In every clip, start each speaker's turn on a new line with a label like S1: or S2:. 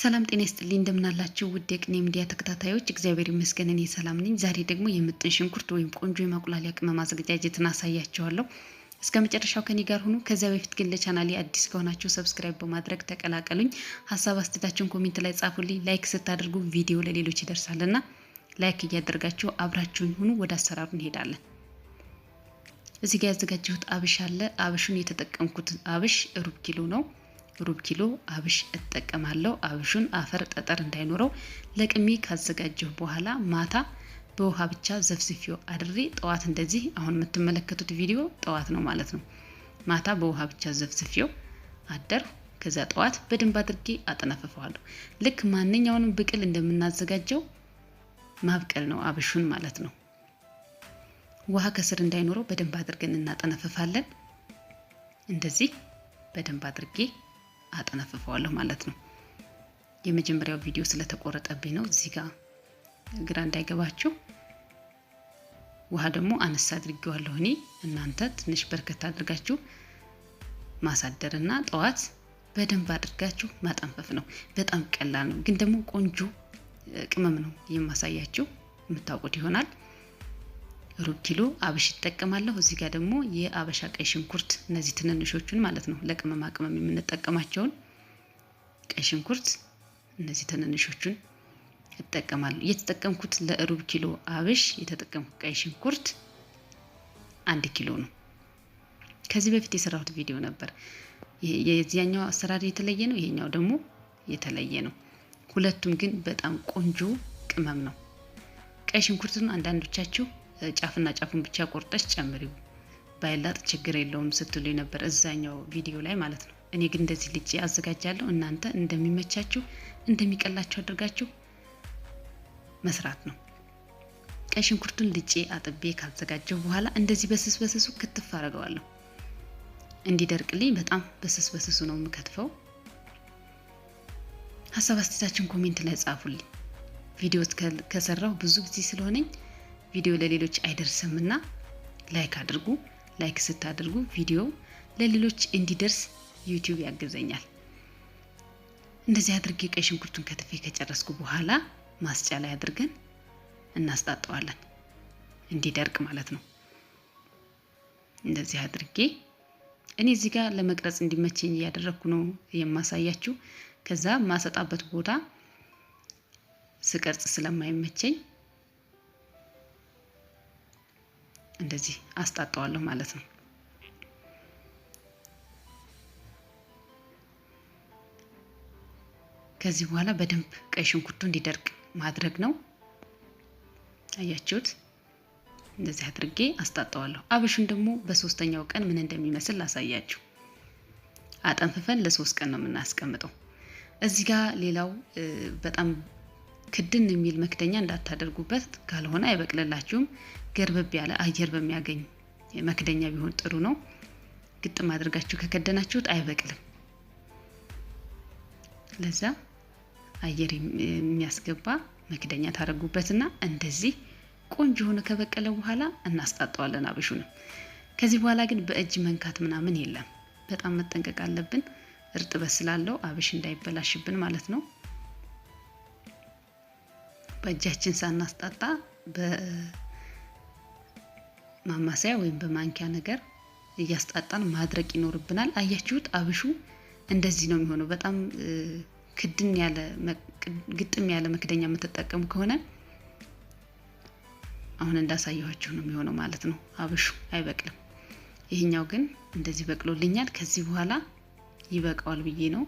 S1: ሰላም ጤና ይስጥልኝ እንደምናላችሁ ውድ የቅኔ ሚዲያ ተከታታዮች፣ እግዚአብሔር ይመስገን እኔ ሰላም ነኝ። ዛሬ ደግሞ የምጥን ሽንኩርት ወይም ቆንጆ የማቁላሊያ ቅመም አዘገጃጀትን አሳያችኋለሁ። እስከ መጨረሻው ከኔ ጋር ሁኑ። ከዚያ በፊት ግን ለቻናል አዲስ ከሆናችሁ ሰብስክራይብ በማድረግ ተቀላቀሉኝ። ሀሳብ አስተያየታችሁን ኮሜንት ላይ ጻፉልኝ። ላይክ ስታደርጉ ቪዲዮ ለሌሎች ይደርሳልና ላይክ እያደርጋችሁ አብራችሁን ሁኑ። ወደ አሰራሩ እንሄዳለን። እዚህ ጋር ያዘጋጀሁት አብሽ አለ። አብሹን የተጠቀምኩት አብሽ ሩብ ኪሎ ነው። ሩብ ኪሎ አብሽ እጠቀማለሁ። አብሹን አፈር ጠጠር እንዳይኖረው ለቅሜ ካዘጋጀሁ በኋላ ማታ በውሃ ብቻ ዘፍዝፊው አድሬ ጠዋት እንደዚህ አሁን የምትመለከቱት ቪዲዮ ጠዋት ነው ማለት ነው። ማታ በውሃ ብቻ ዘፍዝፊው አደር። ከዛ ጠዋት በደንብ አድርጌ አጠነፈፈዋለሁ። ልክ ማንኛውንም ብቅል እንደምናዘጋጀው ማብቀል ነው አብሹን ማለት ነው። ውሃ ከስር እንዳይኖረው በደንብ አድርገን እናጠነፈፋለን እንደዚህ በደንብ አድርጌ አጠነፍፈዋለሁ ማለት ነው። የመጀመሪያው ቪዲዮ ስለተቆረጠብኝ ነው። እዚህ ጋር ግራ እንዳይገባችሁ ውሃ ደግሞ አነሳ አድርጌዋለሁ እኔ። እናንተ ትንሽ በርከት አድርጋችሁ እና ጠዋት በደንብ አድርጋችሁ ማጠንፈፍ ነው። በጣም ቀላል ነው፣ ግን ደግሞ ቆንጆ ቅመም ነው የማሳያችሁ የምታውቁት ይሆናል። ሩብ ኪሎ አብሽ ይጠቀማለሁ። እዚህ ጋር ደግሞ የአበሻ ቀይ ሽንኩርት እነዚህ ትንንሾቹን ማለት ነው ለቅመማ ቅመም የምንጠቀማቸውን ቀይ ሽንኩርት እነዚህ ትንንሾቹን እጠቀማለሁ። እየተጠቀምኩት ለሩብ ኪሎ አብሽ የተጠቀምኩት ቀይ ሽንኩርት አንድ ኪሎ ነው። ከዚህ በፊት የሰራሁት ቪዲዮ ነበር። የዚያኛው አሰራር የተለየ ነው፣ ይሄኛው ደግሞ የተለየ ነው። ሁለቱም ግን በጣም ቆንጆ ቅመም ነው። ቀይ ሽንኩርትን አንዳንዶቻችሁ ጫፍና ጫፉን ብቻ ቆርጠሽ ጨምሪው ባይላጥ ችግር የለውም ስትሉ ነበር እዛኛው ቪዲዮ ላይ ማለት ነው። እኔ ግን እንደዚህ ልጬ አዘጋጃለሁ። እናንተ እንደሚመቻችሁ እንደሚቀላችሁ አድርጋችሁ መስራት ነው። ቀይ ሽንኩርቱን ልጬ አጥቤ ካዘጋጀው በኋላ እንደዚህ በስስ በስሱ ክትፍ አድርገዋለሁ። እንዲደርቅልኝ በጣም በስስ በስሱ ነው የምከትፈው። ሀሳብ አስተያየታችሁን ኮሜንት ላይ ጻፉልኝ። ቪዲዮ ከሰራው ብዙ ጊዜ ስለሆነኝ ቪዲዮ ለሌሎች አይደርስም እና ላይክ አድርጉ። ላይክ ስታደርጉ ቪዲዮ ለሌሎች እንዲደርስ ዩቲዩብ ያግዘኛል። እንደዚህ አድርጌ ቀይ ሽንኩርቱን ከትፌ ከጨረስኩ በኋላ ማስጫ ላይ አድርገን እናስጣጠዋለን እንዲደርቅ ማለት ነው። እንደዚህ አድርጌ እኔ እዚህ ጋር ለመቅረጽ እንዲመቸኝ እያደረግኩ ነው የማሳያችሁ። ከዛ ማሰጣበት ቦታ ስቀርጽ ስለማይመቸኝ እንደዚህ አስጣጠዋለሁ ማለት ነው። ከዚህ በኋላ በደንብ ቀይ ሽንኩርቱ እንዲደርቅ ማድረግ ነው። አያችሁት? እንደዚህ አድርጌ አስጣጠዋለሁ። አብሽን ደግሞ በሶስተኛው ቀን ምን እንደሚመስል ላሳያችሁ። አጠንፍፈን ለሶስት ቀን ነው የምናስቀምጠው። እዚህ ጋር ሌላው በጣም ክድን የሚል መክደኛ እንዳታደርጉበት፣ ካልሆነ አይበቅልላችሁም። ገርበብ ያለ አየር በሚያገኝ መክደኛ ቢሆን ጥሩ ነው። ግጥም አድርጋችሁ ከከደናችሁት አይበቅልም። ለዛ አየር የሚያስገባ መክደኛ ታደርጉበትና እንደዚህ ቆንጆ ሆነ ከበቀለ በኋላ እናስጣጠዋለን አብሹንም። ከዚህ በኋላ ግን በእጅ መንካት ምናምን የለም። በጣም መጠንቀቅ አለብን፣ እርጥበት ስላለው አብሽ እንዳይበላሽብን ማለት ነው። በእጃችን ሳናስጣጣ በማማሰያ ወይም በማንኪያ ነገር እያስጣጣን ማድረቅ ይኖርብናል። አያችሁት? አብሹ እንደዚህ ነው የሚሆነው። በጣም ክድን ያለ ግጥም ያለ መክደኛ የምትጠቀሙ ከሆነ አሁን እንዳሳየኋችሁ ነው የሚሆነው ማለት ነው። አብሹ አይበቅልም። ይህኛው ግን እንደዚህ በቅሎልኛል። ከዚህ በኋላ ይበቃዋል ብዬ ነው።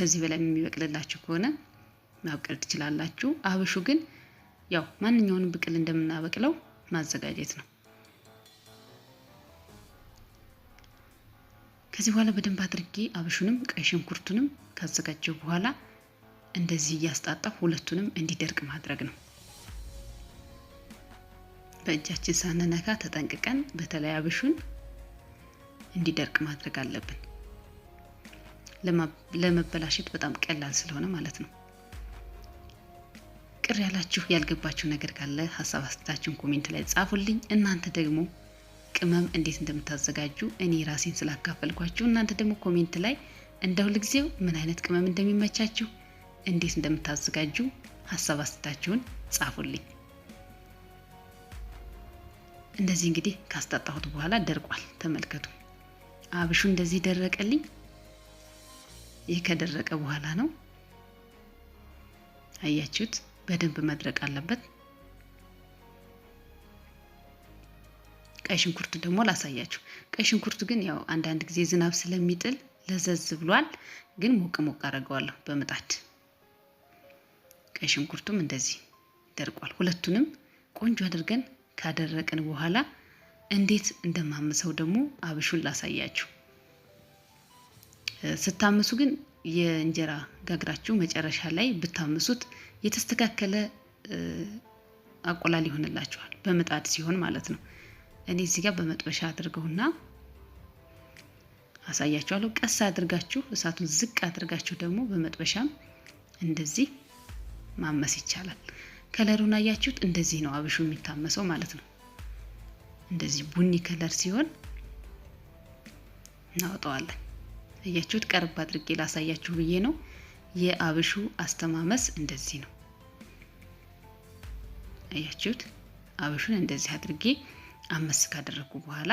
S1: ከዚህ በላይ የሚበቅልላችሁ ከሆነ ማብቀል ትችላላችሁ። አብሹ ግን ያው ማንኛውንም ብቅል እንደምናበቅለው ማዘጋጀት ነው። ከዚህ በኋላ በደንብ አድርጌ አብሹንም ቀይ ሽንኩርቱንም ካዘጋጀው በኋላ እንደዚህ እያስጣጣሁ ሁለቱንም እንዲደርቅ ማድረግ ነው። በእጃችን ሳንነካ ተጠንቅቀን በተለይ አብሹን እንዲደርቅ ማድረግ አለብን። ለመበላሸት በጣም ቀላል ስለሆነ ማለት ነው። ቅር ያላችሁ ያልገባችሁ ነገር ካለ ሀሳብ አስተታችሁን ኮሜንት ላይ ጻፉልኝ። እናንተ ደግሞ ቅመም እንዴት እንደምታዘጋጁ እኔ ራሴን ስላካፈልኳችሁ እናንተ ደግሞ ኮሜንት ላይ እንደ ሁልጊዜው ምን አይነት ቅመም እንደሚመቻችሁ እንዴት እንደምታዘጋጁ ሀሳብ አስተታችሁን ጻፉልኝ። እንደዚህ እንግዲህ ካስጠጣሁት በኋላ ደርቋል። ተመልከቱ፣ አብሹ እንደዚህ ደረቀልኝ። ይህ ከደረቀ በኋላ ነው አያችሁት። በደንብ መድረቅ አለበት። ቀይ ሽንኩርት ደግሞ ላሳያችሁ። ቀይ ሽንኩርት ግን ያው አንዳንድ ጊዜ ዝናብ ስለሚጥል ለዘዝ ብሏል፣ ግን ሞቅ ሞቅ አድርገዋለሁ በምጣድ። ቀይ ሽንኩርቱም እንደዚህ ደርቋል። ሁለቱንም ቆንጆ አድርገን ካደረቅን በኋላ እንዴት እንደማመሰው ደግሞ አብሹን ላሳያችሁ። ስታምሱ ግን የእንጀራ ጋግራችሁ መጨረሻ ላይ ብታምሱት የተስተካከለ አቆላል ይሆንላችኋል። በምጣድ ሲሆን ማለት ነው። እኔ እዚህ ጋር በመጥበሻ አድርገውና አሳያችኋለሁ። ቀስ አድርጋችሁ እሳቱን ዝቅ አድርጋችሁ ደግሞ በመጥበሻም እንደዚህ ማመስ ይቻላል። ከለሩን አያችሁት? እንደዚህ ነው አብሹ የሚታመሰው ማለት ነው። እንደዚህ ቡኒ ከለር ሲሆን እናወጣዋለን። እያችሁት ቀርብ አድርጌ ላሳያችሁ ብዬ ነው። የአብሹ አስተማመስ እንደዚህ ነው። እያችሁት አብሹን እንደዚህ አድርጌ አመስ ካደረግኩ በኋላ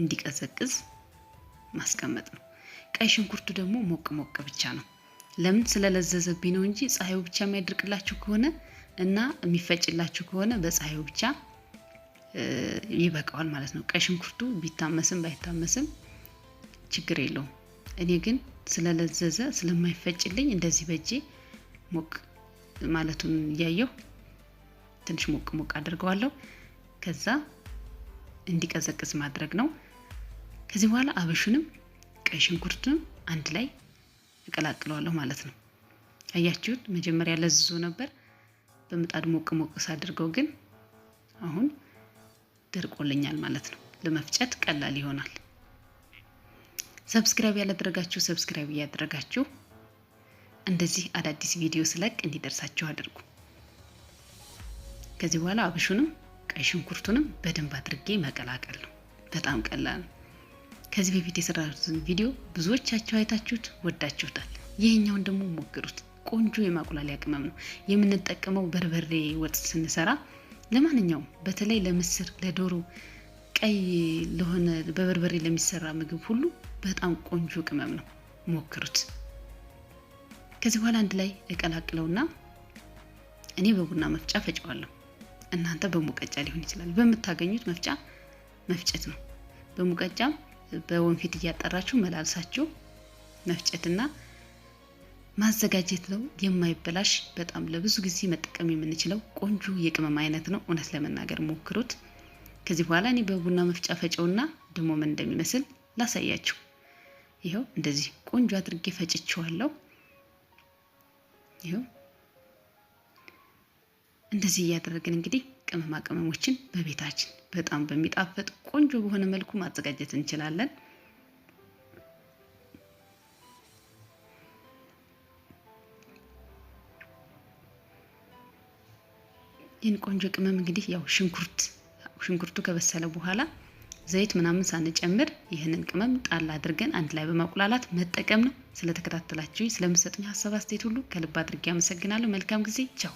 S1: እንዲቀዘቅዝ ማስቀመጥ ነው። ቀይ ሽንኩርቱ ደግሞ ሞቅ ሞቅ ብቻ ነው። ለምን ስለለዘዘብኝ ነው እንጂ ፀሐዩ ብቻ የሚያደርቅላችሁ ከሆነ እና የሚፈጭላችሁ ከሆነ በፀሐዩ ብቻ ይበቃዋል ማለት ነው። ቀይ ሽንኩርቱ ቢታመስም ባይታመስም ችግር የለውም። እኔ ግን ስለለዘዘ ስለማይፈጭልኝ እንደዚህ በእጄ ሞቅ ማለቱን እያየሁ ትንሽ ሞቅ ሞቅ አድርገዋለሁ። ከዛ እንዲቀዘቅዝ ማድረግ ነው። ከዚህ በኋላ አበሹንም ቀይ ሽንኩርትንም አንድ ላይ እቀላቅለዋለሁ ማለት ነው። አያችሁት? መጀመሪያ ለዝዞ ነበር። በምጣድ ሞቅ ሞቅ ሳድርገው ግን አሁን ደርቆልኛል ማለት ነው። ለመፍጨት ቀላል ይሆናል። ሰብስክራይብ ያላደረጋችሁ ሰብስክራይብ እያደረጋችሁ እንደዚህ አዳዲስ ቪዲዮ ስለቅ እንዲደርሳችሁ አድርጉ። ከዚህ በኋላ አብሹንም ቀይ ሽንኩርቱንም በደንብ አድርጌ መቀላቀል ነው። በጣም ቀላል ነው። ከዚህ በፊት የሰራሁትን ቪዲዮ ብዙዎቻችሁ አይታችሁት ወዳችሁታል። ይህኛውን ደግሞ ሞክሩት። ቆንጆ የማቁላሊያ ቅመም ነው የምንጠቀመው። በርበሬ ወጥ ስንሰራ ለማንኛውም፣ በተለይ ለምስር፣ ለዶሮ ቀይ ለሆነ በበርበሬ ለሚሰራ ምግብ ሁሉ በጣም ቆንጆ ቅመም ነው፣ ሞክሩት። ከዚህ በኋላ አንድ ላይ እቀላቅለውና እኔ በቡና መፍጫ ፈጨዋለሁ። እናንተ በሙቀጫ ሊሆን ይችላል፣ በምታገኙት መፍጫ መፍጨት ነው። በሙቀጫም በወንፊት እያጠራችሁ መላልሳችሁ መፍጨትና ማዘጋጀት ነው። የማይበላሽ በጣም ለብዙ ጊዜ መጠቀም የምንችለው ቆንጆ የቅመም አይነት ነው። እውነት ለመናገር ሞክሩት። ከዚህ በኋላ እኔ በቡና መፍጫ ፈጨውና ደግሞ ምን እንደሚመስል ላሳያችሁ። ይኸው እንደዚህ ቆንጆ አድርጌ ፈጭቼዋለሁ። ይኸው እንደዚህ እያደረግን እንግዲህ ቅመማ ቅመሞችን በቤታችን በጣም በሚጣፈጥ ቆንጆ በሆነ መልኩ ማዘጋጀት እንችላለን። ይህን ቆንጆ ቅመም እንግዲህ ያው ሽንኩርት ሽንኩርቱ ከበሰለ በኋላ ዘይት ምናምን ሳንጨምር ይህንን ቅመም ጣል አድርገን አንድ ላይ በማቁላላት መጠቀም ነው። ስለተከታተላችሁኝ ስለምሰጡኝ ሀሳብ አስተያየት ሁሉ ከልብ አድርጌ አመሰግናለሁ። መልካም ጊዜ፣ ቻው።